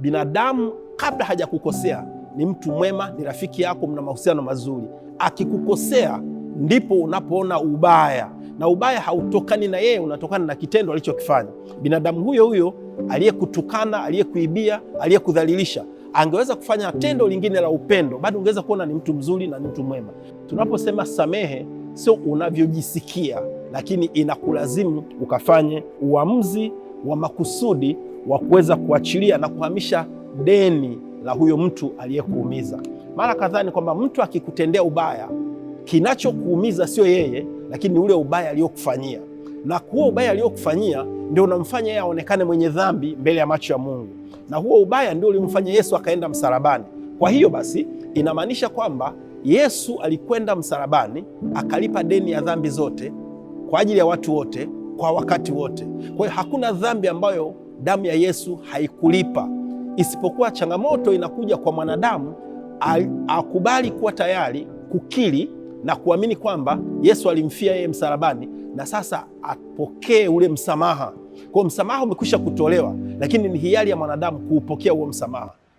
Binadamu kabla hajakukosea ni mtu mwema, ni rafiki yako, mna mahusiano mazuri. Akikukosea ndipo unapoona ubaya, na ubaya hautokani na yeye, unatokana na kitendo alichokifanya. Binadamu huyo huyo aliyekutukana, aliyekuibia, aliyekudhalilisha angeweza kufanya tendo lingine la upendo, bado ungeweza kuona ni mtu mzuri na ni mtu mwema. Tunaposema samehe, sio unavyojisikia, lakini inakulazimu ukafanye uamuzi wa makusudi wa kuweza kuachilia na kuhamisha deni la huyo mtu aliyekuumiza. Mara kadhaa ni kwamba mtu akikutendea ubaya, kinachokuumiza sio yeye, lakini ni ule ubaya aliyokufanyia, na huo ubaya aliyokufanyia ndio unamfanya yeye aonekane mwenye dhambi mbele ya macho ya Mungu, na huo ubaya ndio ulimfanya Yesu akaenda msalabani. Kwa hiyo basi inamaanisha kwamba Yesu alikwenda msalabani akalipa deni ya dhambi zote kwa ajili ya watu wote kwa wakati wote. Kwa hiyo hakuna dhambi ambayo damu ya Yesu haikulipa, isipokuwa changamoto inakuja kwa mwanadamu akubali kuwa tayari kukiri na kuamini kwamba Yesu alimfia yeye msalabani na sasa apokee ule msamaha. Kwa msamaha umekwisha kutolewa, lakini ni hiari ya mwanadamu kuupokea huo msamaha.